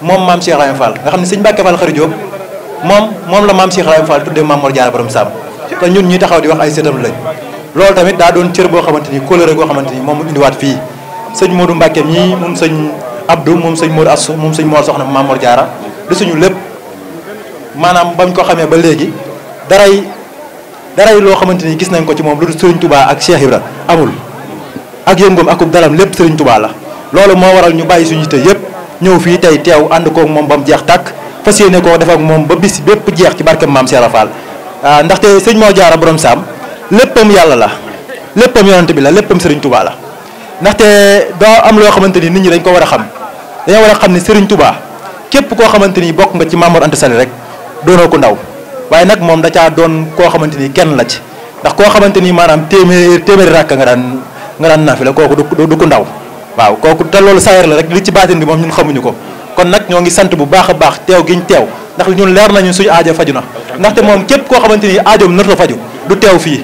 moom maam Cheikh Ibrahima Fall nga xam ne sëñ Mbacke Fall Khary Diop moom moom la maam Cheikh Ibrahima Fall tuddee Maam Mor Diarra boroom Sam te ñun ñuy taxaw di wax ay sëtam lañ loolu tamit daa doon cër boo xamante ni kóllëre goo xamante ni moom mu indiwaat fii sëñ Modou Mbacke ñii moom sëñ Abdou moom sëñ Modou Assou moom sëñ Mor Soxna Maam Mor Diarra di suñu lépp maanaam bañ ko xamee ba léegi daray daray loo xamante ni gis nañ ko ci moom lu dul tubaa Touba ak Cheikh Ibra amul ak yëngoom akub dalam lépp Serigne Touba la loolu moo waral ñu bàyyi suñu yitte ñëw fii tey teew ànd kook moom ba mu jeex tàkk fas yéene koo def ak moom ba bis bépp jeex ci barke maam Serap Fall ah, ndaxte sëñ Mor Diarra borom saam léppam yàlla la léppam yonent bi la léppam Serigne Touba la ndaxte doo am loo xamante ni nit ñi dañ ko war a xam dañoo war a xam ni Serigne Touba képp koo xamante ni bokk nga ci Maam Mor Anta rek doonoo ko ndaw waaye nag moom da caa doon koo xamante ni kenn la ci ndax koo xamante ni maanaam téeméer téeméeri rakk nga daan nga daan naafi la kooku du du ko ndaw. waaw kooku te loolu saayir la rek li ci baatin bi moom ñun xamuñu ko kon nag ñoo ngi sant bu baax a baax teew giñ teew ndax ñun leer nañu suñu aajo faju na ndaxte moom képp koo xamante ni aajoom narta faju du teew fii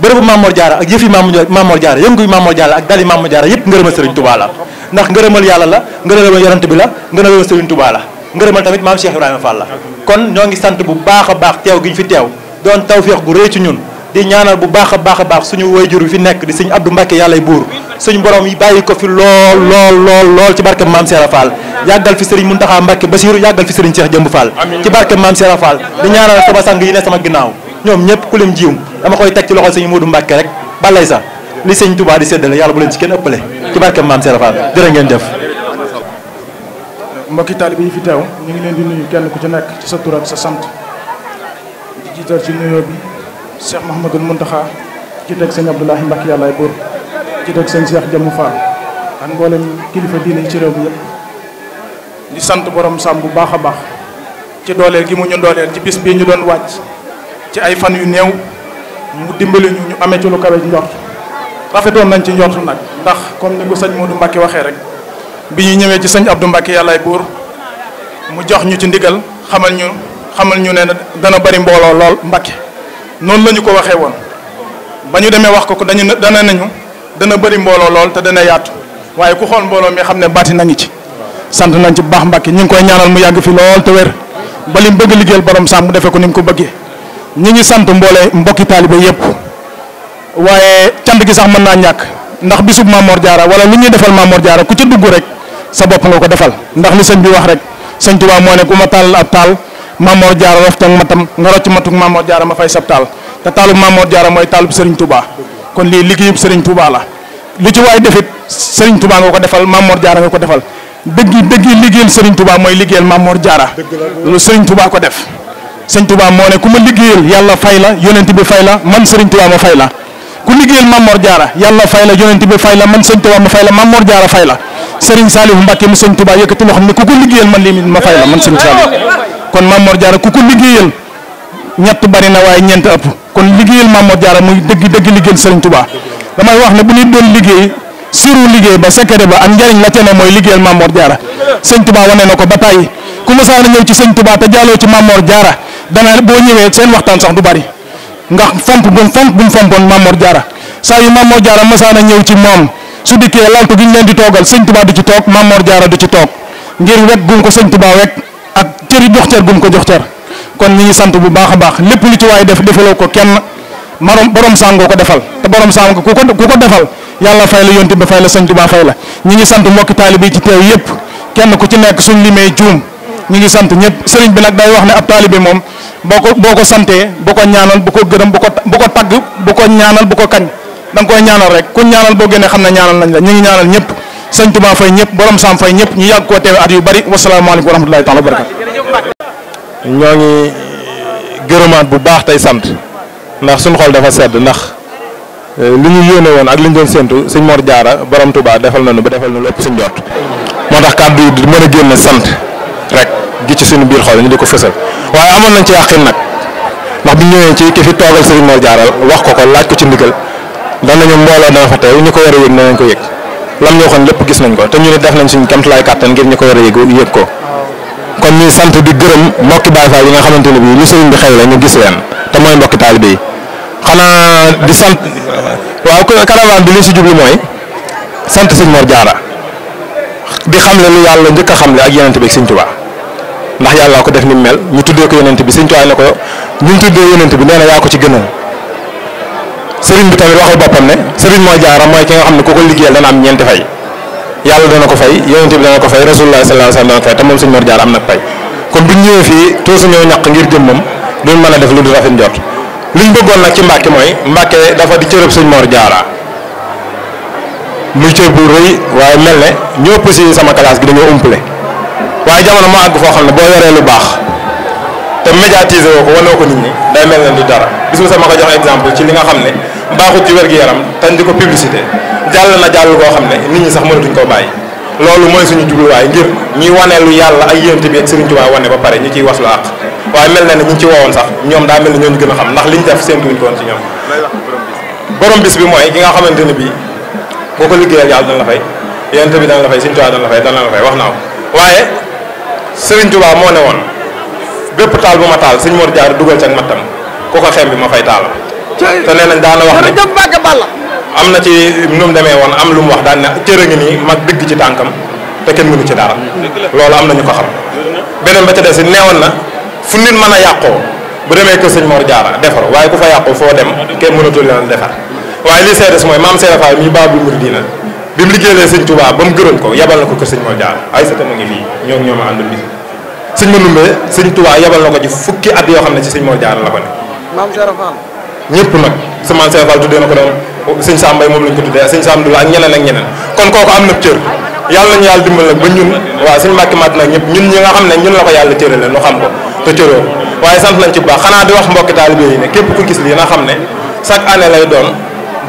bërëbu Mamor Diarra ak yëfi Mamor Diarra yëngu Mamor Diarra ak dali Mamor Diarra yëpp ngërëmal Serigne Touba la ndax ngërëmal yàlla la ngërëmal yonante bi la ngërëmal Serigne Touba la ngërëmal tamit maam Cheikh Ibrahima Fall la kon ñoo ngi sant bu baax a baax teew giñ fi teew doon tawféex gu rëy ci ñun di ñaanal bu baax a baax a baax suñu wayjur bi fi nekk di sëñ Abdou Mbacke yàllay buur suñu borom yi bàyyi ko fi lool lool lool lool ci barke maam Serap Fall yàggal fi mun Serigne Mountakha Mbacké Bassirou yàggal fi Serigne Cheikh Jëmb Fall ci barke maam Serap Fall di ñaanal sama sang yi ne sama ginnaaw ñoom ñëpp ku leen jiw dama koy teg ci loxo Serigne Modou Mbacké rek balay sax li Serigne Touba di séddale yàlla bu leen ci kenn ëppale ci barke maam Serap Fall jërë ngeen jëf mbokki taalibe yi fi teew ñu ngi leen di nuyu kenn ci nekk sa tur sa sant di jiital ci nuyoo bi Cheikh Mouhamadul Mountakha ci teg Serigne Abdoulahi Mbacké yàllaay buur ci teg sëñ Cheikh Jëmm Fall mboole mboolem kilifa diine ci réew mi yëpp di sant borom sàmm bu baax a baax ci dooleel gi mu ñu dooleel ci bis bii ñu doon wàcc ci ay fan yu néew mu dimbali ñu ñu amee ci lu kawe njort rafetoon nañ ci njort nag ndax comme ni ko sëñ Modou Mbacke waxee rek bi ñu ñëwee ci sëñ Abdou Mbacke yàllaay buur mu jox ñu ci ndigal xamal ñu xamal ñu ne dana bari mbooloo lool mbakki noonu lañu ko waxee woon ba ñu demee wax ko ko dañu dana nañu. dana bëri mbooloo lool te dana yaatu waaye ku xool mbooloo mi xam ne baati na ngi ci sant nañ ci bu baax Mbàkke ñu ngi koy ñaanal mu yàgg fi lool te wér ba mu bëgg liggéeyal borom saam mu defee ko ni mu ko bëggee ñu ngi sant mboole mbokki taalibe yëpp waaye cant gi sax mën naa ñàkk ndax bisub Mamor jaara wala lu ñuy defal Mamor jaara ku ci dugg rek sa bopp nga ko defal ndax li sëñ bi wax rek sëñ Tuubaa moo ne ku ma taal ab taal Mamor Diarra rafet ak matam nga rocc matuk Mamor Diarra ma fay sab taal te taalub Mamor Diarra mooy taalub Serigne Touba. kon lii liggéeyub Serigne Touba la li ci waay defit Serigne Touba nga ko defal Mamor Diarra nga ko defal dëgg dëgg liggéeyal Serigne Touba mooy liggéeyal Mamor jaara loolu Serigne Touba ko def Serigne Touba moo ne ku ma liggéeyal yàlla fay la yonent bi fay la man Serigne Touba ma fay la ku liggéeyal Mamor Diarra yàlla fay la yonent bi fay la man Serigne Touba ma fay la Mamor jaara fay la Serigne Saliou ma mu Serigne Touba yëkkati loo xam ne ku ko liggéeyal man lii ma fay la man Serigne Saliou kon Mamor Diarra ku ko liggéeyal ñett bari na waaye ñeent ëpp kon liggéeyal Maam Mor Jaara muy dëgg dëgg liggéeyal Serigne Touba damay wax ne bu ñu doon liggéey siru liggéey ba secret ba ak njariñ la tene mooy liggéeyal Maam Mor Jaara Serigne Touba ne na ko ba tàyyi ku mësaan a ñëw ci Serigne Touba te jaaloo ci Maam Mor Jaara dana boo ñëwee seen waxtaan sax du bari ndax fomp gun fomp gun fompoon Maam Mor Jaara saa yu Maam Mor Jaara mësaan a ñëw ci moom su dikkee laltu gi ñu leen di toogal Serigne Touba du ci toog Maam Mor Jaara d ci toog ngir wekk gum ko Serigne Touba wekk ak cëri jox cër gum ko jox cër kon ñi ngi sant bu baax a baax lépp lu ci waay def defaloo ko kenn marom borom sàngoo ko defal te borom sàngo ku ko ku ko defal yàlla fay la yonti ba fay la sëñ Tuubaa fay la ñi ngi sant mbokki taalibe yi ci teew kenn ku ci nekk suñ limee juum ñi ngi sant ñëpp sëriñ bi nag day wax ne ab taalibe moom boo ko boo ko santee bu ko ñaanal bu ko gërëm bu ko bu ko tagg bu ko ñaanal bu ko kañ da nga boo génnee xam ne ñaanal nañ la ñu ngi ñaanal ñëpp sëñ Tuubaa fay ñëpp borom saam fay ñëpp ñu yàgg koo teewe at yu bari wasalaamaaleykum wa rahmatullahi taala wa ñoo ngi eh, gërëmaat bu baax tey sant ndax suñu xool dafa sedd ndax eh, li ñu yéene woon ak li ñu doon séntu sëñ Mor Diarra borom tubaa defal na nu ba defal nañu ëpp suñ jot. moo tax kàddu yi di mën a génn sant rek gi ci suñu biir xool ñu di ko fësal waaye amoon nañ ci yàqin nag ndax bu ñëwee ci ki fi toogal sëñ Mor Diarra wax ko ko laaj ko ci ndigal danañu mbooloo dana fa teew ñu ko war a yëg danañ ko yëg lam ñu waxoon lépp gis nañ ko te ñu ne def nañ suñ kamtulaay kàttan ngir ko war a yëg yëg ko kon ñuy sant di gërëm mbokki Baay Faal yi nga xamante ne bii lu sëriñ bi xew la gis leen te mooy mbokki taalibe xanaa di sant waaw caravane bi li si jublu mooy sant sëñ Mor Jaara di xamle lu yàlla njëkk a xamle ak yonent bi ak sëñ Tuubaa ndax yàlla ko def ni mel ñu tuddee ko yonent bi sëñ Tuubaa ne ko ñu ngi tuddee yonent bi nee na yaa ko ci gënal sëriñ bi tamit waxal boppam ne sëriñ Mor Jaara mooy ki nga xam ne ku ko liggéeyal dana am ñeenti fay. yàlla dana ko fay yonente bi dana ko fay rasulullah sallallahu alayhi wasallam dana ko fay te moom sëñ Mor Diarra am nag pay kon bu ñëwee fii tuuti ñoo ñaq ngir jëmmam duñ mën a def lu du rafet njort liñ bëggoon nag ci Mbàkke mooy Mbàkke dafa di cërëb sëñ Mor Diarra muy cër bu rëy waaye mel ne ñoo ëpp si sama classe gi dañoo umpale waaye jamono moo àgg foo xam ne boo yoree lu baax te médiatiser woo ko wanoo ko nit ñi day mel ne du dara bis mu sama ko jox exemple ci li nga xam ne baaxul ci wér-gu-yaram tañ di ko publicité jàll na jàll koo xam ne nit ñi sax mënatuñ koo bàyyi loolu mooy suñu jubluwaay ngir ñi waneelu yàlla ay yénte bi ak Serigne Touba wane ba pare ñu ciy waslu àq waaye mel na ne ñi ci woowoon sax ñoom daa mel ne ñooñu gën a xam ndax liñ def séentuwuñ ko woon ci ñoom borom bis bi mooy ki nga xamante ne bii boo ko liggéeyal yàlla dana la fay bi dana la fay Serigne Touba dana la fay dana la fay wax naa ko waaye Serigne Touba moo ne woon bépp taal bu ma taal suñu Mor Diarra dugal ci ak mattam ku ko xem bi ma fay taal te nee nañ daana wax am na ci nu mu demee woon am lu mu wax daan ne cëra ngi nii mag dëgg ci tànkam te kenn mënu ci dara loolu am na ñu ko xam beneen ba ca des neewoon na fu nit mën a yàqoo bu demee ko sëñ Mor Jaara defar waaye ku fa yàqoo foo dem kenn mënatul leen defar waaye li see des mooy maam Seera Faal mii Baabul Muridiina bi mu liggéeyee sëñ Tuubaa ba mu gërëm ko yabal na ko kër sëñ Mor Jaara ay sa mu ngi fii ñoo ma àndul bi sëñ ma numbee sëñ Tuubaa ko ci fukki at yoo xam ne ci sëñ Mor Jaara la ko ñëpp nag semence Seval dee na ko doon sëñ Sam Mbaye moom lañ ko tuddee sëñ Sam Dula ak ñeneen ak ñeneen kon kooku am na cër yàlla nañu yàlla dimbal nag ba ñun waaw sëñ Mbàkke Mat nag ñëpp ñun ñi nga xam ne ñun la ko yàlla cëralee nu xam ko te cëroo waaye sant nañ ci bu baax xanaa di wax mbokki taalibe yi ne képp ku gis lii na xam ne chaque anne lay doon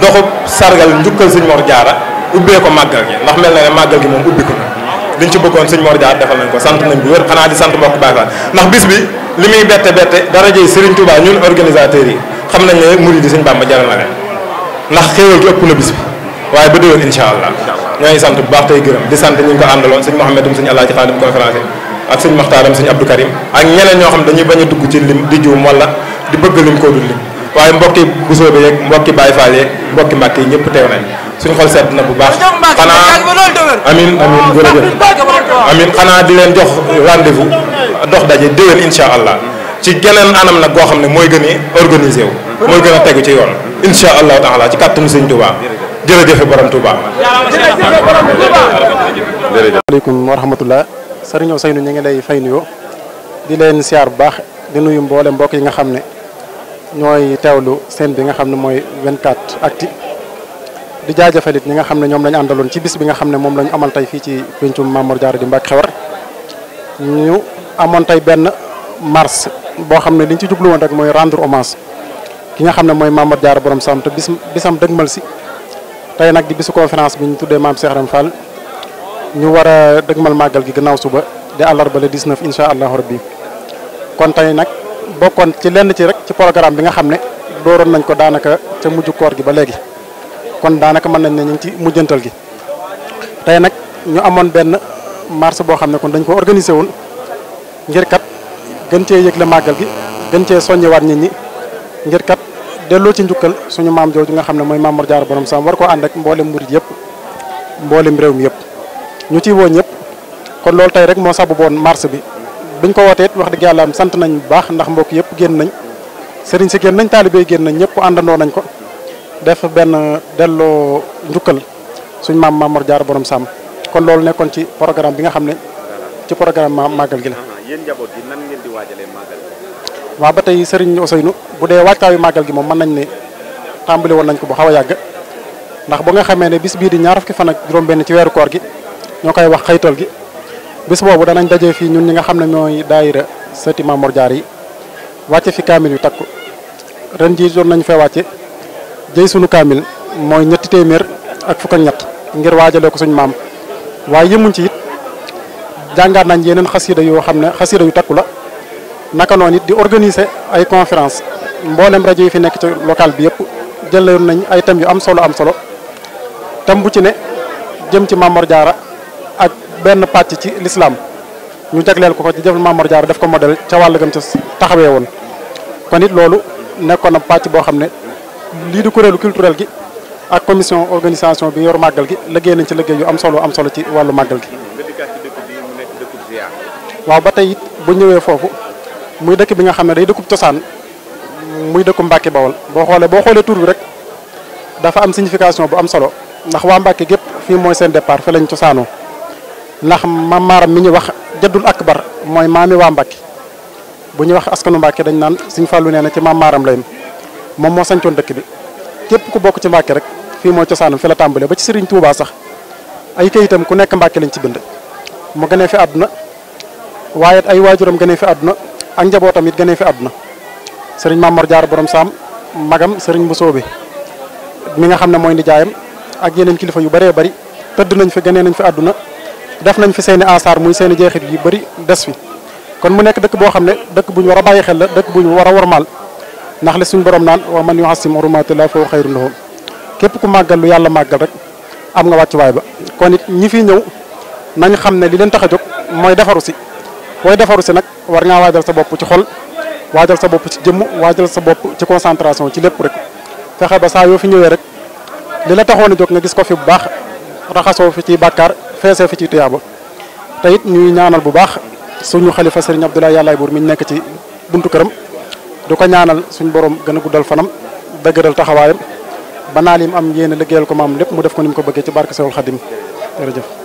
doxub sargal njukkal sëñ Mor Jaara ubbee ko màggal gi ndax mel na ne màggal gi moom ubbi ko liñ ci bëggoon sëñ Mor Jaara defal nañ ko sant nañ bu wér xanaa di sant mbokk Baay Faal ndax bis bi li muy bette bette dara jëy Sëriñ Tuubaa ñun organisateurs yi xam nañ ne murid yi sëñ Bàmba jaral na leen ndax xéewal gi ëpp na bis bi waaye ba déwén incha allah ñoo ngi sant bu baax tey gërëm di sant ñu ngi ko àndaloon sëñ Mouhamadou sëñ Alaaji Xaadim conférence ak sëñ Maxtaaram sëñ Abdou Karim ak ñeneen ñoo xam dañuy bañ a dugg ci lim di juum wala di bëgg lim koo dul lim waaye mbokki busoo bi yeeg mbokki Baay fale yeeg mbokki Mbàkke yi ñëpp teew nañ suñ xol sedd na bu baax xanaa amin amin jërëjëf amin xanaa di leen jox rendez-vous dox daje d incha allah ci geneen anam nag goo xam ne mooy gën a wu mooy gën a tegu ci yoon insha allahu taala ci kàttanu sëñ Touba jërëjëfe borom Touba aleykum wa rahmatullah sëriñëw Seynu ñu ngi lay fay nuyoo di leen siyaar bu baax di nuyu mboole mbokk yi nga xam ne ñooy teewlu seen bi nga xam ne mooy 24 actu di jaajëfal it ñi nga xam ne ñoom lañu àndaloon ci bis bi nga xam ne moom lañu amal tey fii ci pencum Mame Mor Diarra di Mbacke Xewar ñu amoon tey benn mars boo xam ne li ñu ci jublu woon rek mooy rendre hommage ki nga xam ne mooy Maam Mor Jaara borom Sam te bis bisam dëgmal si tey nag di bisu conférence bi ñu tuddee maam Cheikh Rame Fall ñu war a dëgmal màggal gi gannaaw suba di àllarba le 19 incha allahu rabbi kon tey nag bokkoon ci lenn ci rek ci programme bi nga xam ne dooroon nañ ko daanaka ca mujj koor gi ba léegi kon daanaka mën nañ ne ñu ci mujjantal gi tey nag ñu amoon benn marche boo xam ne kon dañ ko organisé woon ngir kat gën cee yëgle màggal gi gën cee soññewaat nit ñi ngir kat delloo ci njukkal suñu maam jooju nga xam ne mooy Maam Mor Jaara Sam war koo ànd ak yëpp mboolem réew mi yëpp ñu ciy woo ñëpp kon loolu tey rek moo sababoon marche bi biñ ko wootee wax dëgg sant nañ bu baax ndax mbokk yëpp génn nañ sëriñ si génn nañ taalibe génn nañ ñëpp àndandoo nañ ko def benn delloo njukkal suñu maam Maam Mor borom Sam kon loolu nekkoon ci programme bi nga xam ne ci programme màggal gi la yéen njaboot gi nan ngeen di waajalee waaw ba tey Serigne Ousseynou bu dee waajtaayu màggal gi moom mën nañ ne tàmbali woon nañ ko bu xaw a yàgg ndax bu nga xamee ne bis bii di ñaar fukki fan ak juróom-benn ci weeru koor gi ñoo koy wax xëytal gi bis boobu danañ daje fii ñun ñi nga xam ne ñooy daayira sëti Mamour Jaar yi wàcce fi kaamil yu takku ren jii doon nañu fee wàcce jëy sunu kaamil mooy ñetti téeméer ak fukk ñett ngir waajalee ko suñu maam waaye yëmuñ ci it jàngaat nañ yeneen xasida yoo xam ne xasida yu takku la naka noonu it di organiser ay conférence mboolem rajo yi fi nekk ci local bi yëpp jëloon nañ ay thèmes yu am solo am solo thème bu ci ne jëm ci Mamor Diarra ak benn pàcc ci l'islam ñu jagleel ko ko ci jëfal Mamor def ko modèle ca wàll gam ca taxawee woon kon it loolu nekkoon na pàcc boo xam ne lii di kuréelu culturel gi ak commission organisation bi yor màggal gi liggéey nañ ci liggéey yu am solo am solo ci wàllu màggal gi waaw ba tey bu ñëwee foofu muy dëkk bi nga xam ne day dëkkub cosaan muy dëkku Mbàkke Bawol boo xoolee boo xoolee tur bi rek dafa am signification bu am solo ndax waa Mbàkke gépp fii mooy seen départ fi lañ cosaanoo ndax maam mi ñu wax jaddul akbar mooy maami waa Mbàkke bu ñuy wax askanu Mbàkke dañ naan Sëñ Fallu nee na ci maam lay moom moo sancoon dëkk bi képp ku bokk ci Mbàkke rek fii mooy cosaanam fi la tàmbalee ba ci Sëriñ Tuubaa sax ay kayitam ku nekk Mbàkke lañ ci bind mu gënee fi àdduna waaye ay waajuram gënee fi àdduna ak njabootam it gënee fi àdduna sëriñ Mamor Diarra boroom saam magam sëriñ bu soobe mi nga xam ne mooy nijaayam ak yeneen kilifa yu baree bari tëdd nañ fi gënee nañ fi àdduna def nañ fi seeni asaar muy seeni jeexit yu bari des fi kon mu nekk dëkk boo xam ne dëkk bu ñu war a bàyyi xel la dëkk bu ñu war a warmaal ndax li suñ borom naan wa man yu'azzim hurumaatillahi fa huwa xayrun lahu képp ku màggal lu yàlla màggal rek am nga wàccuwaay ba kon it ñi fi ñëw nañ xam ne li leen tax a jóg mooy defaru si booy defaru si nag war ngaa waajal sa bopp ci xol waajal sa bopp ci jëmm waajal sa bopp ci concentration ci lépp rek fexe ba saa yoo fi ñëwee rek li la taxoon a jóg nga gis ko fi bu baax raxasoo fi ci bàkkaar feesee fi ci tuyaaba te it ñuy ñaanal bu baax suñu xalifa sëriñ Abdoulaye Yàllaay Buur mi ñu nekk ci buntu këram du ko ñaanal suñu borom gën a guddal fanam dëgëral taxawaayam ba naa lim am yéen a liggéeyal ko maam lépp mu def ko ni mu ko bëggee ci barke Sewul Xadim jërëjëf